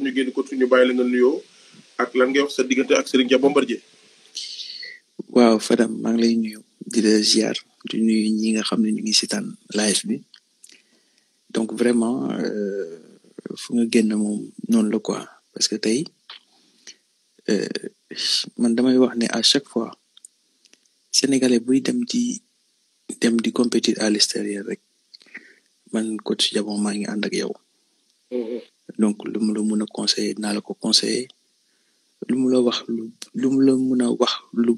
ñu génn ko ñu bàyyi la nga nuyoo ak lan ngay wax sa diggante ak Serigne Dia Bombardier. waaw Fadam maa lay nuyo di la ziar di nuyu ñi nga xam ne ñu ngi seetaan live bi donc vraiment euh, fu nga génn moom noonu la quoi parce que tey euh, man damay wax ne à chaque fois sénégalais buy dem di dem di compétir à l'extérieur rek man coach Dia maa ngi ànd ak yow. donc lu mu la le a conseiller naa conseiller lu mu wax lu lu mu wax lu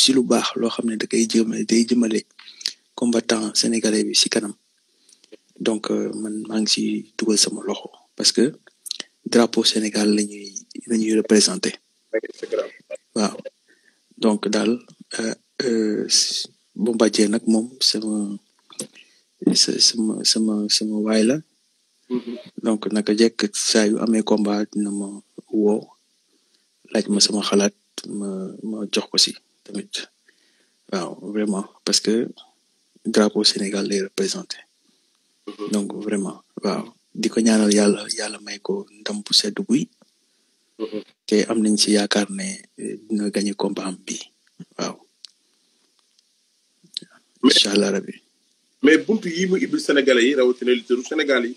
si lu ne combattant sénégalais donc euh, man maa ngi parce que drapeau Sénégal la ñuy donc daal euh, euh, Bombardier nag moom sama sama sama Mm-hmm. donc naka jekk sa yu amé combat dina ma woo laaj ma sama xalaat ma ma jox ko si tamit waaw vraiment parce que drapeau Sénégal lay représenté mm-hmm. donc vraiment waaw di ko ñaanal yàlla yàlla may ko ndam bu sedd buy mm-hmm. te am nañ ci yaakaar ne eh, dina gagné combat am bi waaw incha allah rabi mais buntu yi mu ibbil sénégalais yi rawatina lutteurs Sénégal yi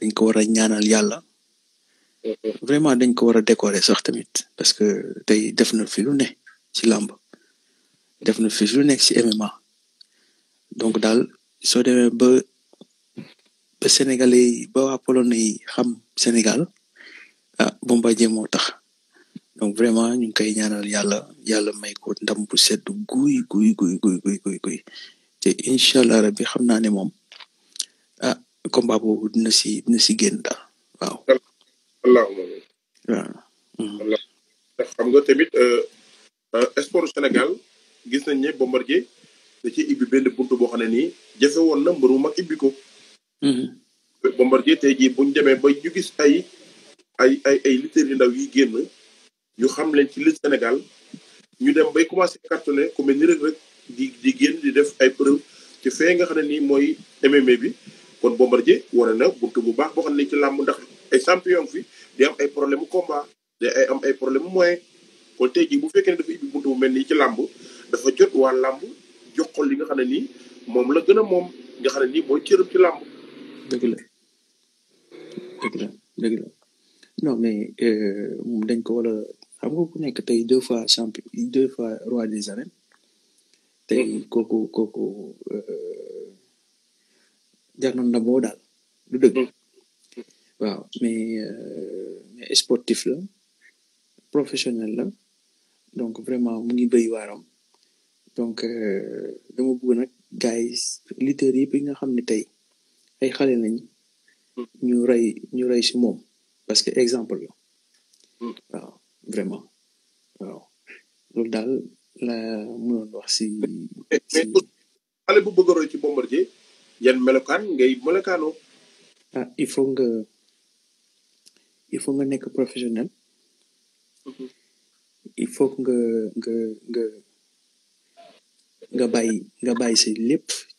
dañ ko war a ñaanal yàlla mm-hmm. vraiment dañ ko war a décorer sax tamit parce que tey def na fi lu ne ci làmb def na fi lu nekk ci MMA donc daal soo demee ba ba sénégalais yi ba waa polonais yi xam sénégal ah bombardier moo tax donc vraiment ñu ngi koy ñaanal yàlla yàlla may ko ndam bu sedd guy guy guy guy guy guy te rabbi xam naa ne moom ah combat boobu dina si si génn daal waaw. allahumma xam nga tamit euh, euh, sport Sénégal gis nañ ne Bombardier da ci ibbi benn buntu boo xam ne nii jafewoon na mbër mu mag ibbi ko. Mhm. Bombardier tey jii buñ demee ba ñu gis ay ay ay ay yu ndaw yi génn ñu xam leen ci lutte Sénégal ñu dem bay commencé cartonné ku ni rek rek di di génn di def ay preuve ci fee nga xam ne nii mooy MMA bi. kon Bombardier wane na buntu bu baax boo xam ne ci làmb ndax ay champion fi di am ay problème mu combat di ay am ay problème moyen kon tey jii bu fekkee ne dafa nii ci làmb dafa jot waa làmb jox ko li nga xam ne nii moom la gën a moom nga xam ne nii mooy cëram ci làmb. dëgg la dëgg la mais moom euh, dañ ko wala xam nga ku nekk tey deux fois champion deux fois roi des arènes tey mm-hmm. kooku kooku. Euh, na boo daal du dëgg mm. waaw mais euh, mais sportif la professionnel la donc vraiment mu ngi béy waaram donc euh, dama bëgg nag gars yi yëpp yi nga xam ne tey ay xale lañ mm. ñu rey ñu rey si moom parce que exemple la mm. waaw vraiment waaw loolu daal la mënoon wax si. a roy yan ngay il faut que il faut nga professionnel il faut que nga que, mhm.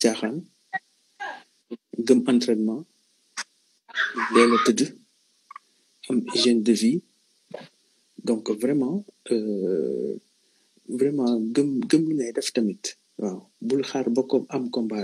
nga nga entraînement hygiène de vie donc vraiment euh, vraiment gem gem def tamit combat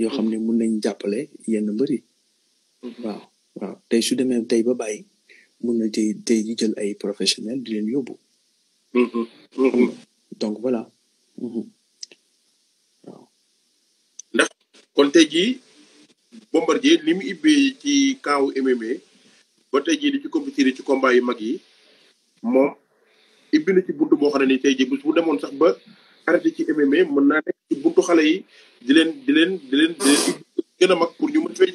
yoo xam ne mun nañ jàppale yenn mbëri mm-hmm. waaw waaw tey su demee tey ba bàyyi mun na tey tey di jël ay professionnel di leen yóbbu mm-hmm. Mm-hmm. donc voilà ndax kon tey jii Bombardier li mu ibbee ci kaawu MMA ba tey jii di ci compétir ci combat yu mag yi moom ibbi na ci bunt boo xam ni tey jii bu demoon sax ba arrêté ci MMA mën naa nekk ci buntu xale yi di leen di leen mag pour ñu mën fay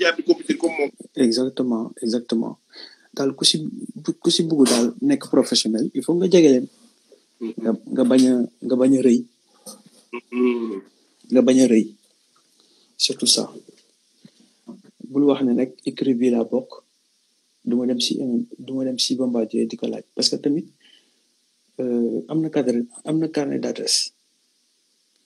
nekk professionnel il faut nga jege leen. nga nga bañ a rëy. nga bañ a rëy surtout ça. bul wax ne nag écrit bi laa bokk du dem si du ma di ko laaj parce que tamit am na cadre am na carnet d'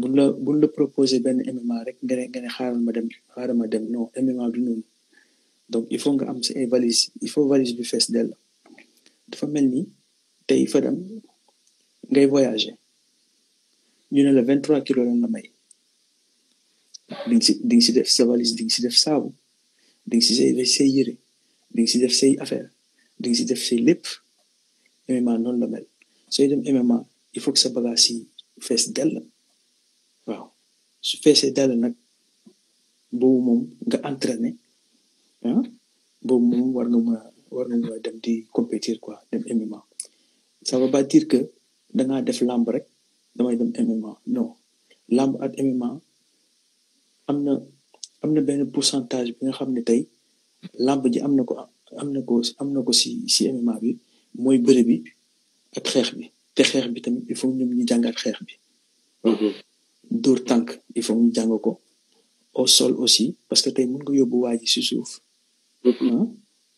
buñ la buñ la proposé benn MMA rek nga ne nga ne xaaral ma dem xaaral ma dem non MMA du noonu donc il faut nga am si ay valise il faut valise bi fees dell dafa mel ni tey fa dem ngay voyager ñu ne la 23 trois kilos la nga may di nga si di nga si def sa valise di nga si def saabu di nga si say say yére di nga si def say affaire di nga si def say lépp MMA noonu la mel sooy dem MMA il faut que sa bagage yi fees dell waaw su feesee dal nag boobu moom nga entraîné ah boobu moom war nga mën war nga mën dem di compétir quoi dem MMA ça veut dire que dangaa def làmb rek damay dem MMA non làmb ak MMA am na am na benn pourcentage bi nga xam ne tey làmb ji am na ko am na ko am na ko si si MMA bi mooy bëre bi ak xeex bi te xeex bi tamit il faut ñoom ñu jàngat xeex bi. Mm-hmm. dur tank il faut ñu ko au sol aussi parce que tay mun nga de mm-hmm. ah,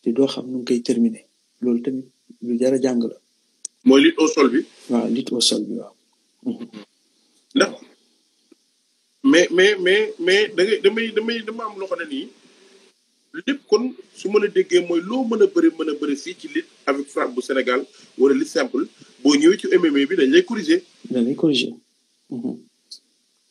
te xam nu terminer lolou tamit lu au sol bi wa au sol bi wa mm-hmm. mais mais mais mais da damay damay am ne kon su meuna moy lo meuna bëri ci lit avec bu Sénégal wala simple bo ñëw ci MMA bi dañ lay corriger dañ lay corriger mm-hmm.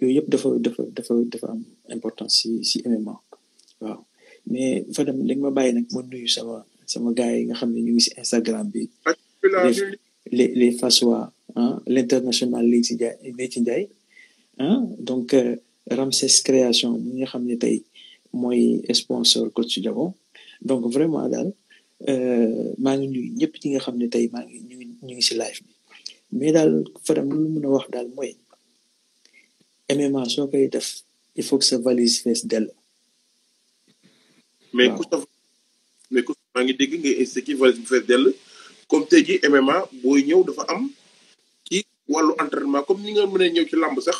yooyu yëpp dafa dafa dafa dafa am importance si si MMA waaw mais Fadam dañ ma bàyyi nag ma nuyu sama sama gars yi nga xam ne ñu ngi si Instagram bi. les les Fassois ah hein, l' international Leyti Ndiaye Leyti Ndiaye hein. ah donc euh, Ramses création bi nga xam ne tey mooy sponsor coach Diago donc vraiment daal euh, maa ngi nuyu ñëpp ñi nga xam ne tey maa ngi ñu ngi ñu ngi si live bi mais daal Fadam lu mu a wax daal mooy. MMA soo koy def il faut sa valise fees dell. mais maa ngi dégg nga expliqué valise dell comme tey jii MMA booy ñëw dafa am ci wàllu entraînement comme ni nga mën a ñëw ci làmb sax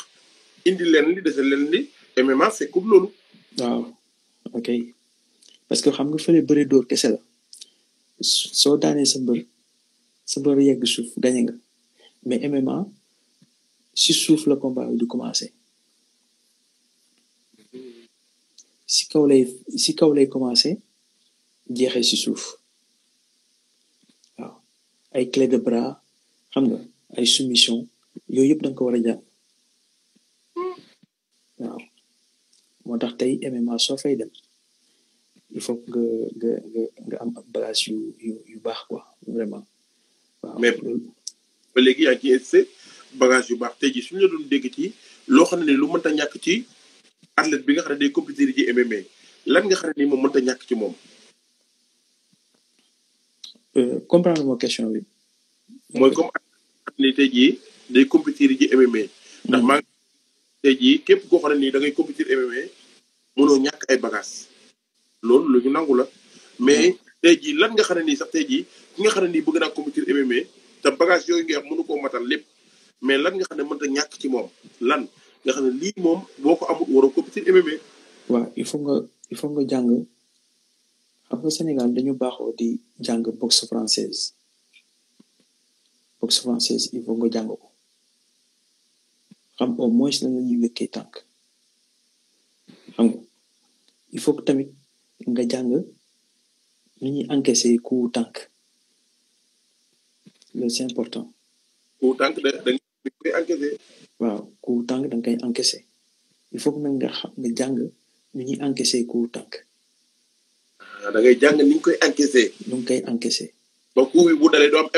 indi leen li dese leen li MMA fekkum loolu. waaw ok parce que xam nga fële bëri door kese la soo daanee sa mbër sa mbër yegg suuf gañe nga mais MMA si suuf la combat du commencé. si kaw si kaw lay commencé jeexee si suuf waaw ay clé de bras xam nga ay soumission yooyu yëpp da ko war a jàng waaw moo tax tey MMA soo fay dem il faut que nga nga nga am bagage yu yu yu baax quoi vraiment. waaw mais ba léegi yaa ngi ciy bagage yu baax tey jii suñu la doon dégg ci loo xam ne lu mënta ñàkk ci. athlète bi nga xam ne day compétir ji MMA lan nga xam ne nii moom mënut a ñàkk ci moom. Euh, comprendre ma question mooy comme athlète tey jii day compétir ji MMA. ndax maa te tey jii képp koo xam ne nii da ngay compétir MMA mënoo ñàkk ay bagages loolu lu ñu nangu la mais mm. tey jii lan nga xam ne nii sax tey jii ki nga xam ne nii bëgg naa compétir MMA te bagages yooyu ngay wax mënu koo matal lépp mais lan nga xam ne mënut a ñàkk ci moom lan. nga moom boo ko il faut nga jàng xam nga Sénégal dañu baaxoo di jàng boxe française boxe française il faut nga jàng ko xam au moins lan la ñuy wékkee tànk il faut tamit nga jàng nu ñuy encaissé coup tànk loolu important. coup tànk encaissé. waaw tànk il faut que nous nga nous ah, ni ñuy encaissé ni impact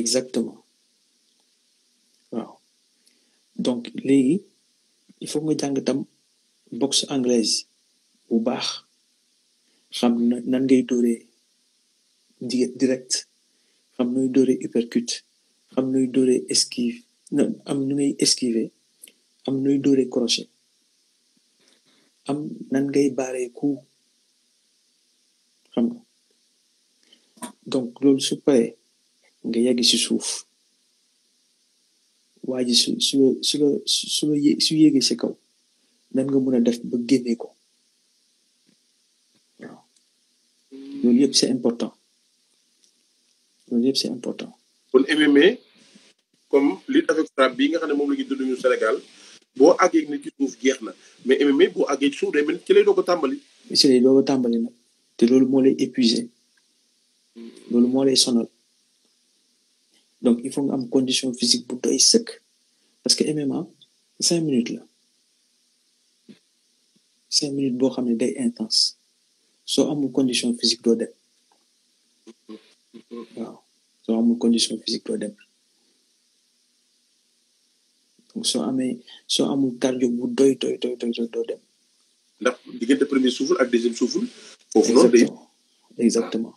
exactement waaw donc léegi il faut nga nous tam boxe anglaise bu baax xam na nan direct xam nooy dóoree Nous xam nooy dóoree esquive am nu esquiver am nuy dorer crochet am nan ngay donc loolu su paree nga yegg si suuf waa ji su su su la su la nan nga le def ba ko c'est important c'est important. kon MMA comme lit avec frappe bii nga xamne mom la ñuy dund ñu Sénégal bo àggee ni ci suuf jeex na mais MMA bo àggee ci suuf day mel ci lay doog a tàmbali. ci lay doog a tàmbali nag te loolu moo lay épuisé hmm. loolu mo lay sonal donc il faut nga am condition physique bu doy seuk parce que MMA 5 minutes là 5 minutes bo xamne day intense so am condition physique do dem hmm. Hmm. waaw soo amul condition physique do dem donc soo amee soo amul cardio bu doy doy doy doy doo dem. ndax diggante premier souffle ak deuxième souffle. foofu noonu day exactement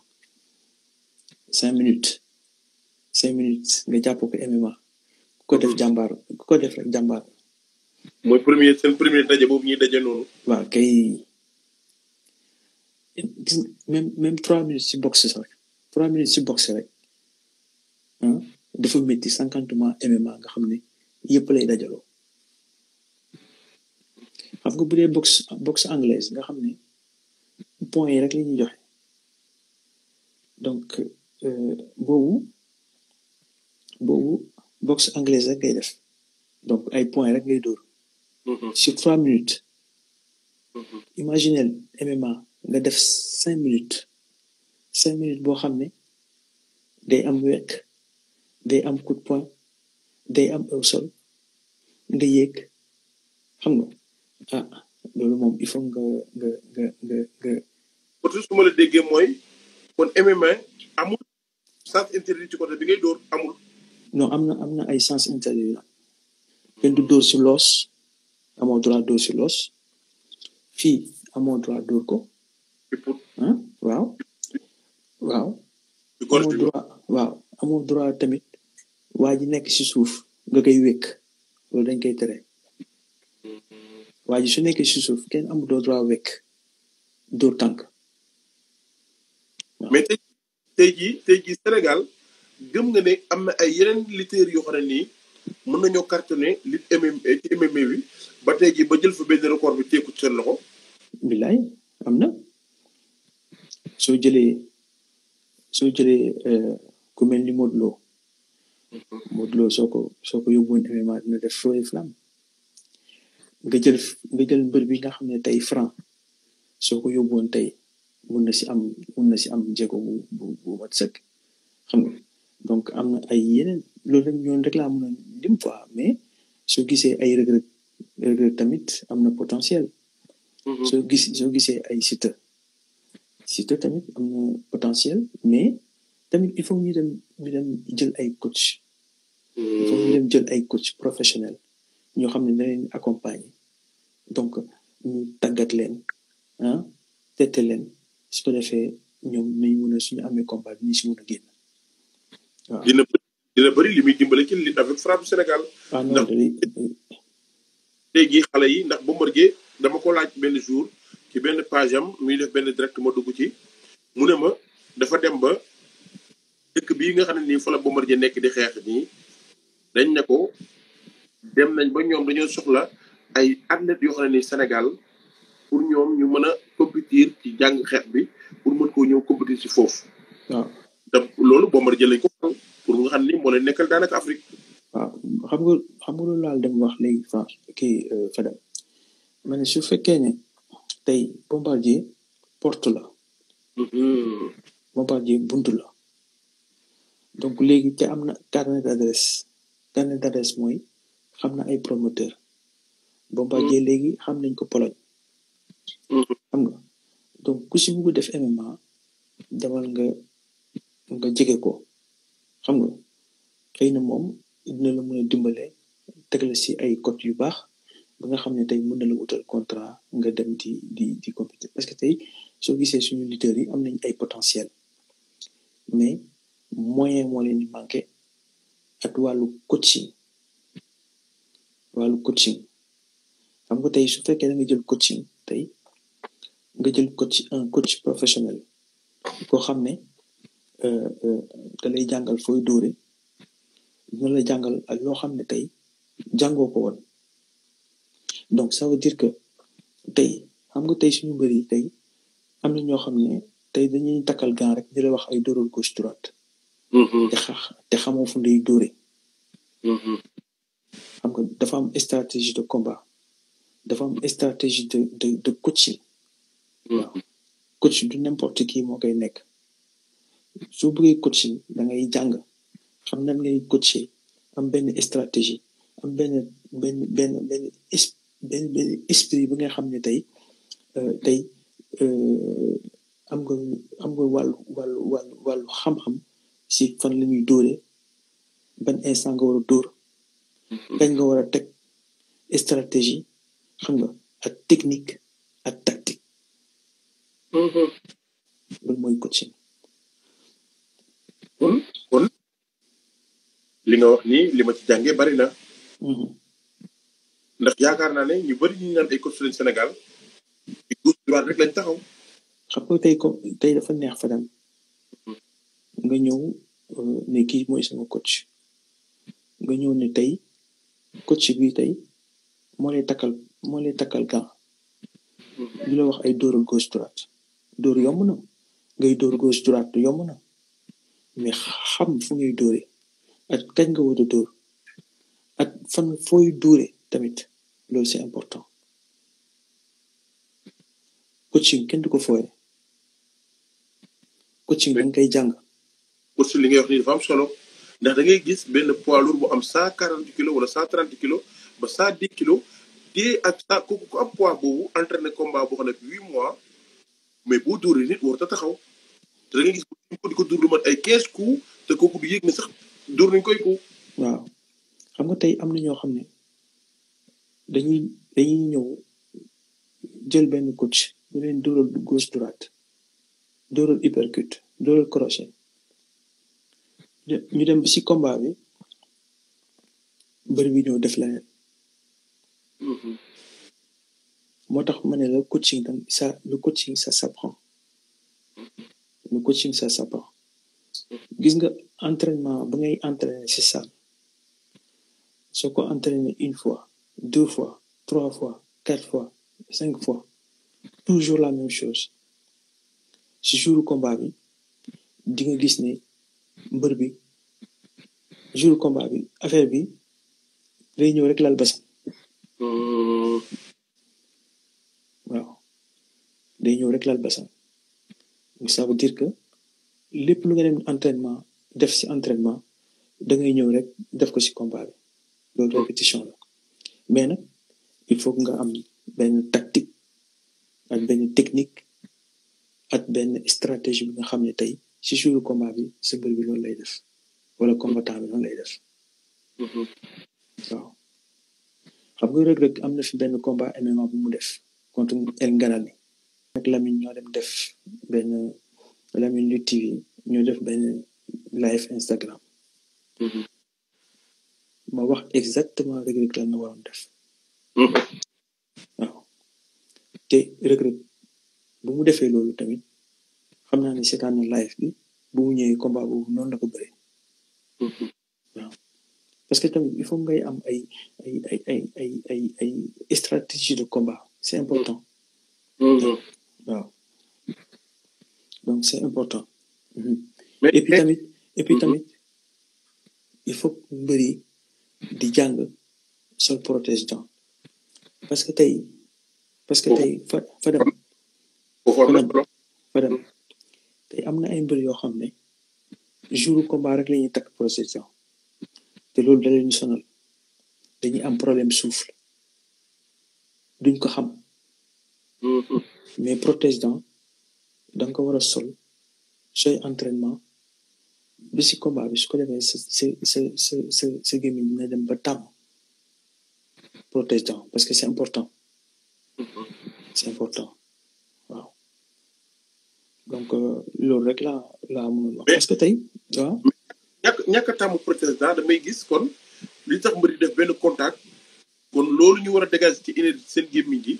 cinq minutes cinq minutes nga jàpp ko MMA ku ko def mm-hmm. jàmbaar ku ko def rek jàmbaar. mooy premier seen premier daje boobu ñuy daje noonu. waaw kay même même trois minutes si boxe rek trois minutes si boxe rek ah dafa métti cinquante mois MMA nga xam ne yëpp lay dajaloo xam nga bu dee box boxe anglaise nga xam ne point yi rek la ñuy joxe donc euh, boobu boobu box anglaise rek ngay def donc ay point rek ngay dóor mm-hmm. sur trois minutes mm-hmm. imaginez MMA nga def cinq minutes cinq minutes boo xam ne day am wekk day am coup de poing day am au sol nga yéeg xam nga ah loolu moom il faut nga nga nga nga nga. kon juste ma la déggee mooy kon MMA amul sens interdit ci côté bi ngay dóor amul. non am na am na ay sens interdit la kenn du dóor si loos amoo droit dóor si loos fii amoo droit dóor ko. ah waaw. waaw. amoo droit waaw amoo droit tamit waa ji nekk si suuf nga koy wékk. Zo denk tere terecht. ji su nekkee si suuf kenn amul doo droit wekk dóor tànk. mais tey tey jii tey jii Sénégal gëm nga ne am na ay yeneen lutteurs yoo xam ne nii mën nañoo cartonné lutte MMA ci MMA bi ba tey jii ba jël fa benn record bi teeku ci seen loxo. bilaay am na soo jëlee soo jëlee ku mel ni Modou Lo Modou Lo soo ko soo ko yóbbuwoon MMA dina def feu et flamme nga jël nga jël mbër bi nga xam ne tey fran soo ko yóbbuwoon tey mun na si am mun na si am jéego bu bu xam nga donc am na ay yeneen loolu rek ñoon rek laa mën na lim quoi mais soo gisee ay regret regret tamit am na potentiel. Mm-hmm. soo gis soo gisee ay Siteu Siteu tamit am na potentiel mais. tamit il faut ñu dem ñu dem jël ay coach il ñu hmm. ay coach professionnel ñoo xam ne dañ leen accompagner donc ñu tàggat leen ah tette leen su ko defee ñoom nañ mën a suñu amee combat bi ñu si mën a génn waaw dina dina bëri li muy dimbale ci li avec frappe Sénégal ah, ndax léegi xale yi ndax Bombardier dama ko laaj benn jour ki benn page mi muy def benn direct ma dugg ci mu ne ma dafa dem ba dëkk bii nga xam ne nii fa la Bombardier nekk di xeex nii dañ ne ko dem nañ ba ñoom dañoo soxla ay athlètes yoo xam ne nii Sénégal pour ñoom ñu mën a compétir ci jàng xeex bi pour mën koo ñëw compétir ci foofu. waaw te loolu Bombardier lañ ko pour nga xam ni moo leen nekkal daanaka Afrique. waaw xam nga xam nga loolu laal dem wax léegi fa kii euh, Fadam ma ne su fekkee ne tey Bombardier porte la. Mm-hmm. Bombardier bunt la. donc léegi ca am na carnet d' adresse carnet d' adresse mooy xam na ay promoteur Bombardier mm. léegi xam nañ ko Pologne mm. xam nga donc ku simu bugg def MMA demal nga nga jege ko xam nga xëy na moom dina la mën a dimbale teg la si ay cote yu baax ba nga xam ne tey mun na la wutal contrat nga dem di di di compétir parce que tey soo gisee suñu lutteurs yi am nañ ay potentiel mais moyen moo leen di manqué ak wàllu coaching wàllu coaching xam nga tey su fekkee da nga jël coaching tey nga jël coach un coach professionnel koo xam ne euh, euh, da lay jàngal fooy doore dina la jàngal ak loo xam ne tey jàngoo ko woon donc ça veut dire que tey xam nga tey suñu mbër tey am na ñoo xam ne tey dañuy takkal gan rek di lay wax ay dóoral gauche Mm-hmm. te xa te xamoo fu lay dóore. Mm-hmm. xam nga dafa am stratégie de combat dafa am stratégie de de de coaching. Mm-hmm. waaw du n'importe qui moo koy nekk. soo bëggee coaching da ngay jàng xam nan ngay coacher am benn stratégie am benn benn benn benn benn benn esprit bi nga xam ne tey euh, tey euh, am nga am nga wàllu wàllu wàllu wàllu xam-xam. si fan la ñuy dóoree ban instant nga war a dóor. Mhm. kañ nga war a teg stratégie xam nga ak technique ak tactique. Mhm. loolu mooy coaching. kon kon li nga wax nii li ma ci jàngee bari na. Mhm. ndax yaakaar naa ne ñu bari ñu naan ay coach Sénégal. ci gauche droite rek lañ taxaw. xam nga tey ko tey dafa neex fa dem. nga ñëw euh, ne kii mooy sama coach nga ñëw ne tey coach bi tey moo lay takkal moo lay takkal gant li la wax ay dóoral gauche droite dóor yomb na ngay dóor gauche droite yomb na mais xam fu ngay dóore ak kañ nga war a dóor ak fan fooy dure tamit loolu c'est important coaching kenn du ko fooye coaching da nga koy jàng course li ngay wax nii dafa am solo ndax da ngay gis benn poids lourd bu am cent quarante kilo wala cent trente kilos ba cent dix kilos dee ak cent ku ku am poids boobu entraîné combat boo huit mois mais boo dóoree nit warut a taxaw te da gis ko di ko dóor lu ay quinze coups te kooku du yéeg ne sax dóor nañu koy ko. waaw xam nga tey am na ñoo xam ne dañuy dañuy ñëw jël benn coach ñu leen dóoral gauche droite dóoral uppercut dóoral crochet. ñu dem si combat bi train de ñëw def leneen mm-hmm. moo tax ma ne le coaching tam ça le coaching ça s'apprend mm-hmm. le coaching ça s'apprend gis nga entraînement ba ngay entraîné si salle soo ko une fois deux fois trois fois quatre fois cinq fois toujours la même chose si jour combat bi di nga gis mbër bi jour combat bi affaire bi day ñëw rek lal basam waaw day ñëw rek lal basam ça veut dire que lépp lu nga dem entraînement def si entraînement da ngay ñëw rek def ko si combat bi loolu hmm. répétition la mais nag il faut nga am benn tactique ak benn technique at benn stratégie bi nga xam ne tey si suuru combat bi sa mbër bi loolu lay def wala combattant bi loolu lay def. Mhm. waaw xam nga rek rek am na fi benn combat MMA bu mu def contre El Ngalani. ak Lamine ñoo def benn Lamine Lutte def benn live Instagram. Mhm. ma wax exactement rek rek lan la def. Mhm. waaw te rek bu mu defee loolu tamit. xam naa ne seetaan live bi bu mu combat boobu noonu la ko bëree. parce que tamit il faut ngay am ay ay ay ay ay ay ay stratégie de combat c'est est important. waaw donc c'est est important. et puis tamit et puis tamit il faut mbëri di jàng sol protège dent parce que tey. parce que tey fa fa dem te ay mbir ne jour combat rek la ñuy procession te sonal dañuy am problème souffle mm-hmm. mais protège dans ko sol entraînement c'est si combat bi su ko parce que c'est important mm-hmm. c'est important donc loolu rek laa laa mënoon wax parce que tey waaw ñàkk ñàkk tàmm protestant damay gis kon li tax mbëri def benn contact kon loolu ñu war a dégager ci énergie seen gémmiñ gi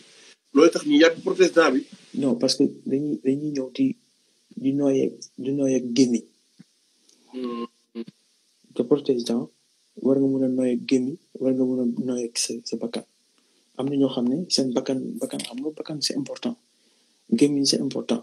loolu tax ñu yàgg protestant bi non parce que dañuy dañuy ñëw di di nooyeeg di nooyeeg gémmiñ mm-hmm. te protestant war nga mën a nooyeeg gémmiñ war nga mën a nooyeeg sa sa bakkan am na ñoo xam ne seen bakkan bakkan xam nga bakkan c'est important gémmiñ c'est important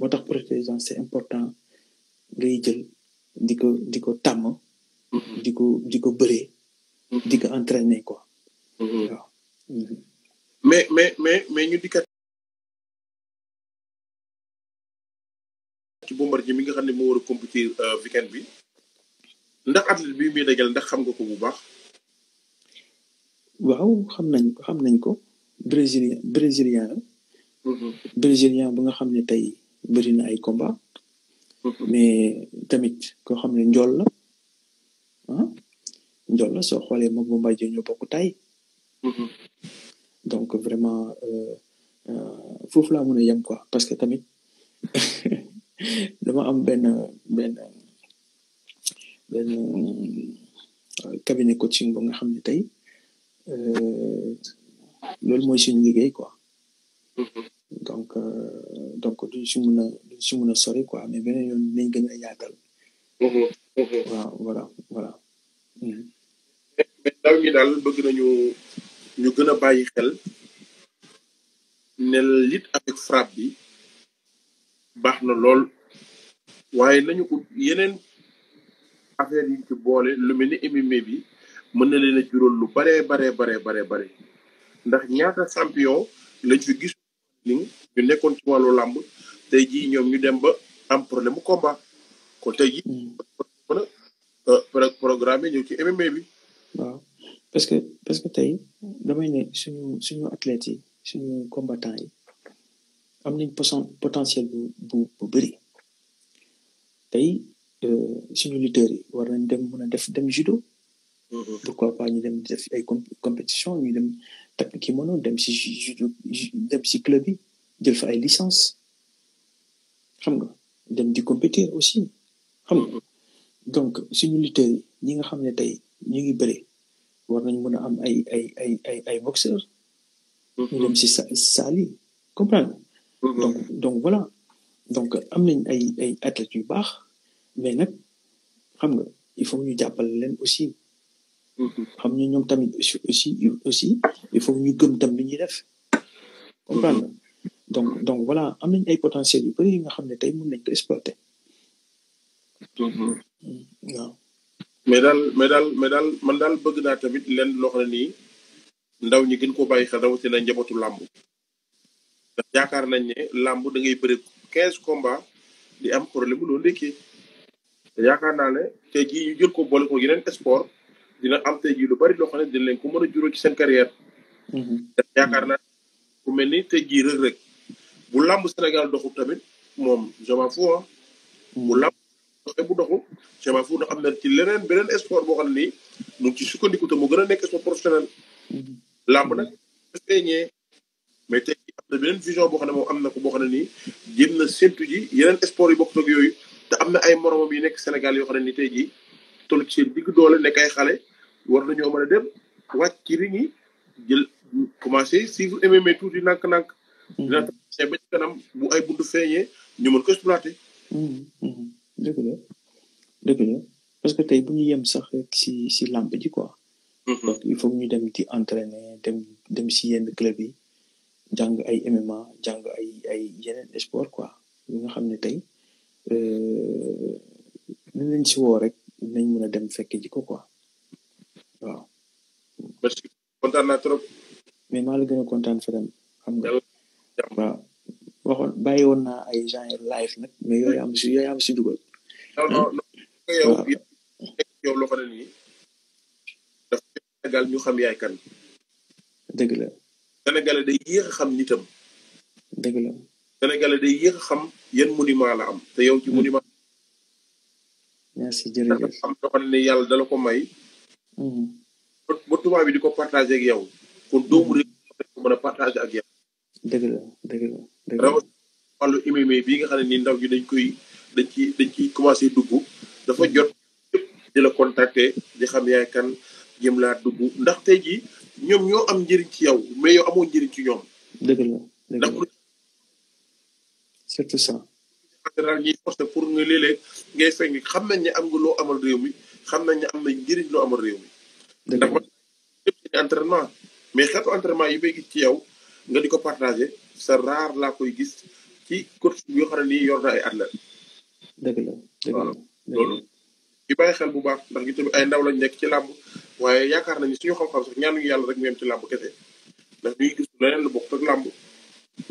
moo tax protégeant c'est important ngay jël di ko di ko tàmm. Mm-hmm. di ko di ko bëree. Mm-hmm. di ko entraîner quoi. Mm-hmm. waaw. mais mais mais mais ñu dikkat ci Bombardier mi nga xam ne moo war a compétir euh, weekend bi ndax athlète bi muy dajal ndax xam nga ko bu baax. waaw xam nañ ko xam nañ ko brésilien brésilien la. brésilien bu nga xam ne tey bëri na ay combat mm-hmm. mais tamit koo xam ne njool la ah njool la soo xoolee moom Bombardier ñoo bokk tay mm-hmm. donc vraiment euh, euh, foofu laa mën a yem quoi parce que tamit dama am benn benn benn euh, cabinet coaching bo nga xam ne tey loolu mooy suñu liggéey quoi mm-hmm. donc euh, donc du quoi mais mhm, mhm. voilà voilà. Mhm. mais ñi bëgg nañu ñu xel lit avec frappe bi baxna lool waye lañu ut affaire yi boole lu mel MMA bi mën na leen lu champion ñu nekkoon ci walu lamb tey jii ñoom ñu dem ba am problème combat kon tey ji hmm. mën a euh, programme ñëw ci MMA bi waaw parce que parce que tey damay ne suñu suñu athlète yi suñu combattant yi am nañ potentiel bu bu bu bëri tey euh, suñu leader yi war nañ dem mën a def dem judo mm-hmm. pourquoi pas ñu dem def ay compétition ñu dem takk kimono dem si dem si club yi jël fa ay licence xam nga dem di compétir aussi xam nga donc suñu lutteurs yi ñi nga xam ne tey ñu ngi bëri war nañ mën a am ay ay ay ay ay boxeur ñu mm-hmm. dem si sa comprendre mm-hmm. donc donc voilà donc am nañ ay ay athlètes yu baax mais nag xam nga il faut ñu jàppale leen aussi xam ñu ñoom tamit aussi aussi il faut ñu gëm tam li ñuy def comprendre mm-hmm. donc donc voilà am nañ ay potentiel yu bëri yi nga xam ne tey mën nañ ko exploiter waaw mais daal mais daal mm-hmm. mm, mais daal man daal bëgg naa tamit lenn loo xam ne nii ndaw ñi gën ko bàyyi xel rawatina njabootu làmb ndax yaakaar nañ ne làmb da ngay bëri 15 combat di am problème loolu ndékkee yaakaar naa ne tey jii ñu jël ko boole ko yeneen sport dina am tey jii lu bari loo xam ne dina leen ko mën a juróo ci seen carrière. Mhm. yaakaar naa ku mel ni tey jii rëg-rëg bu làmb Sénégal doxu tamit moom je m'en fous bu làmb doxee bu doxul je m'en ndax am na ci leneen beneen sport boo xam ne nii ci sukkandiku te mu gën a nekk sport professionnel. Mhm. làmb nag feeñee mais tey jii am boo xam ne moom am na ko boo xam ne nii jéem na séntu ji yeneen sport yi bokk ak yooyu te am na ay moromam yi nekk Sénégal yoo xam ne nii tey jii toll ci seen digg doole nekk ay xale. war nañoo mën a dem wàcc ci ring commencé suivre MMA tuuti nànk-nànk. Mm-hmm. dina tax bu ay buntu feeñee ñu mën ko exploité. Mm-hmm. Mm-hmm. dëgg la dëgg la parce que tey bu ñu yem sax rek si si làmb ji quoi. il faut ñu dem di entraîner dem dem si yenn club yi jàng ay MMA jàng ay ay yeneen sport quoi yi nga xam ne tey nu euh, ñu leen si woo rek nañ mën a dem fekk ji ko quoi. waaw. Bachir kontaan naa mais maa la gën a kontaan Fadam xam nga. waaw waxoon bàyyi woon naa ay genre live nag mais yooyu am si yooyu am si dugal. non non non hmm? yow ne nii dafa ñu xam yaay kan. dëgg la. Sénégalais day yéex a xam nitam. dëgg la. Sénégalais a xam yan monument la am te yow ci hmm. monument. merci jërëjëf dafa am loo xam yàlla dala ko may. ba tubaab bi di ko partage ak yow. kon doomu réew mi a partagé ak yow. dëgg la dëgg la dëgg la rawatina wàllu MMA bii nga xam ne nii ndaw ji dañ koy dañ ci dañ ciy commencé dugg. dafa jot di la contacter di xam yaay kan jëm laa dugg ndax tey jii ñoom ñoo am njëriñ ci yow mais yow amoo njëriñ ci ñoom. dëgg la dëgg la surtout pour nga léeg-léeg ngay xam nañ ne am nga loo amal réew mi. xam nañ ne am na njëriñ lu amal réew mi ndax man ñëpp entraînement mais xeetu entraînement yi may gis ci yow nga di ko partager sa rare laa koy gis ci coach yoo xam ne nii yor na ay athlète dëgg la dëgg la loolu ñu bàyyi xel bu baax ndax ñu tamit ay ndaw lañ nekk ci làmb waaye yaakaar nañu suñu xam-xam sax ñaanuñu yàlla rek même ci làmb kese ndax ñuy gis leneen lu bokk ak làmb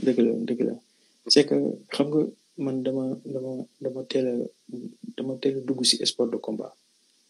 dëgg la dëgg la c'est que xam nga man dama dama dama teel dama teel dugg si sport de combat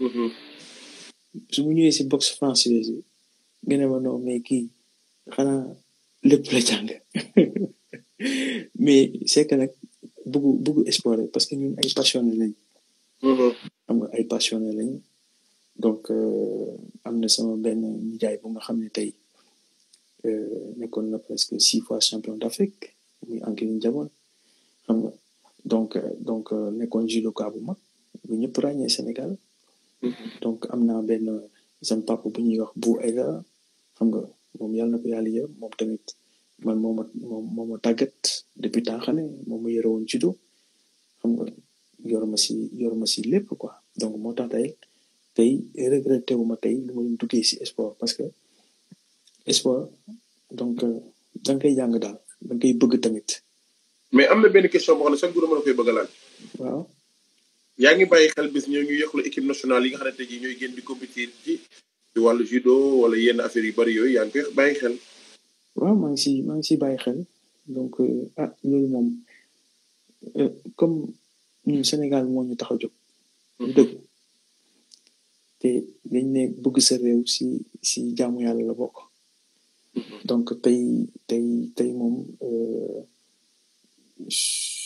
Mm-hmm. su mu ñëwee si boxe française bi nga ne ma non mais kii xanaa lépp la jàng mais c'est que nag bëggu bëggu explorer parce que ñun ay passionné lañ. Mm-hmm. am nga ay passionné lañ donc euh, am na sama benn nijaay bu nga xam ne tey euh, nekkoon na presque six fois champion d'Afrique muy Ankeny Ndiabone xam nga donc euh, donc nekkoon judoka bu mag bu ñëpp ràññee Sénégal. Mhm. donc am na benn sama papa bu ñuy wax bu Aïda xam nga moom yàlla na ko yàlla yërëm moom tamit man moo ma moo ma tàggat depuis tant xane moom ma yore woon judo xam nga yor ma si yor ma lépp quoi donc moo tax tey tey regretté wu ma tey lu ma duggee si sport parce que sport donc euh, da nga koy daal da nga koy bëgg tamit. mais am na benn question boo sax du mën a koy bëgg a laaj. yaa ngi bàyyi xel bis ñoo ñu yoxlu équipe nationale yi nga xamante ji ñooy génn di compétir ci ci wàllu judo wala yenn affaire yu bari yooyu yaa ngi koy bàyyi xel. waaw maa ngi si maa ngi si bàyyi xel donc euh, ah loolu moom euh, comme ñun Sénégal moo ñu taxaw a jóg. Mm-hmm. dëgg te dañ ne bëgg sa réew si si jaamu yàlla la bokk. Mm-hmm. donc tey tey tey moom. Euh,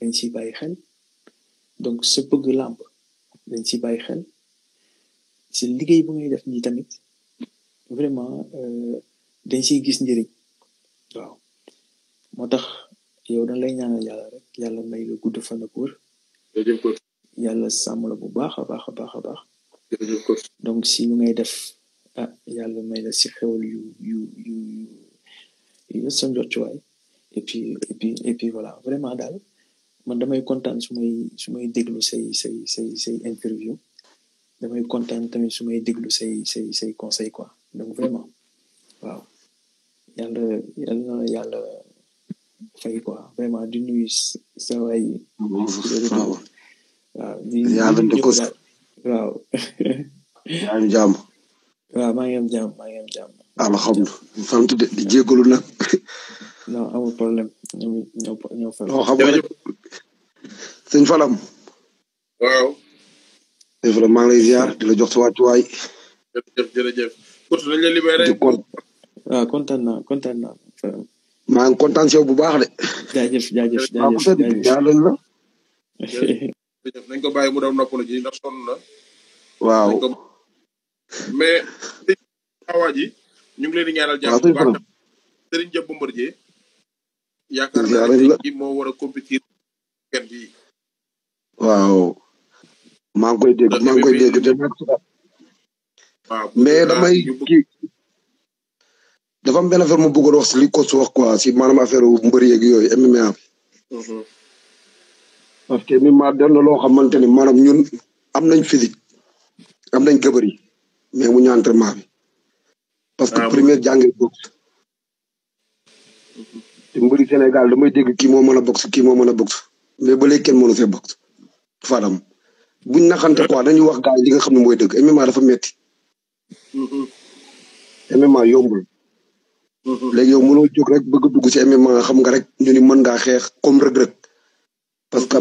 dañ si bàyyi xel donc sa bëgg làmb dañ ci bàyyi xel si liggéey bu ngay def nii tamit vraiment dañ ciy gis njëriñ waaw moo tax yow dañ lay ñaanal yàlla rek yàlla may la gudd fan ak wër yàlla sàmm bu baax a baax a baax a baax donc si lu ngay def ah yàlla may la si xewal yu yu yu yu sa njortuwaay et puis et puis et puis vraiment daal man damay kontaan su may su may déglu say say say say interview damay kontaan tamit su may déglu say say say conseil quoi donc vraiment waaw yàlla yàlla yàlla fay quoi vraiment di nuyu sa waay jàmm waaw maa ngi am jàmm maa ngi am jàmm alhamdulilah sant di jégalu nag non amul problème ñoo ñoo ñoo fa sëñ falam waaw. sëñ maa ngi lay ziar di la jox sa wàccuwaay. jërëjëf jërëjëf. kootu nañ la libéré. di kon waaw ah, kontaan naa kontaan naa. maa ngi kontaan si yow bu baax de. jaajëf jaajëf jaajëf nañ ko bàyyi mu dem noppalu ji ndax sonn na. waaw. mais. awa ji ngi leen di ñaanal jàmm bu baax. Serigne Dia Bombardier. war a compétir waaw maa ngi koy dégg maa ngi koy dégg te mais damay kii dafa am benn affaire mu bëggoon wax si li ko su wax quoi si maanaam affaire mbër yeeg yooyu MMA bi mm-hmm. parce que MMA doon na loo xamante ni maanaam ñun am nañ physique am nañ gabarit mais mu ñu entraînement parce que ah, première jànge boxe mm-hmm. te mbëri Sénégal damay dégg kii moo mën a boxe kii moo mën a boxe mais ba léegi kenn mënu fee boxe Fadam buñ naxante quoi dañuy wax gars yi li nga xam ne mooy dëgg MMA dafa metti MMA mm-hmm. yombul. Mm-hmm. léegi yow mënoo jóg rek bëgg a si ci MMA xam nga rek ñu ni mën ngaa xeex comme Reug parce que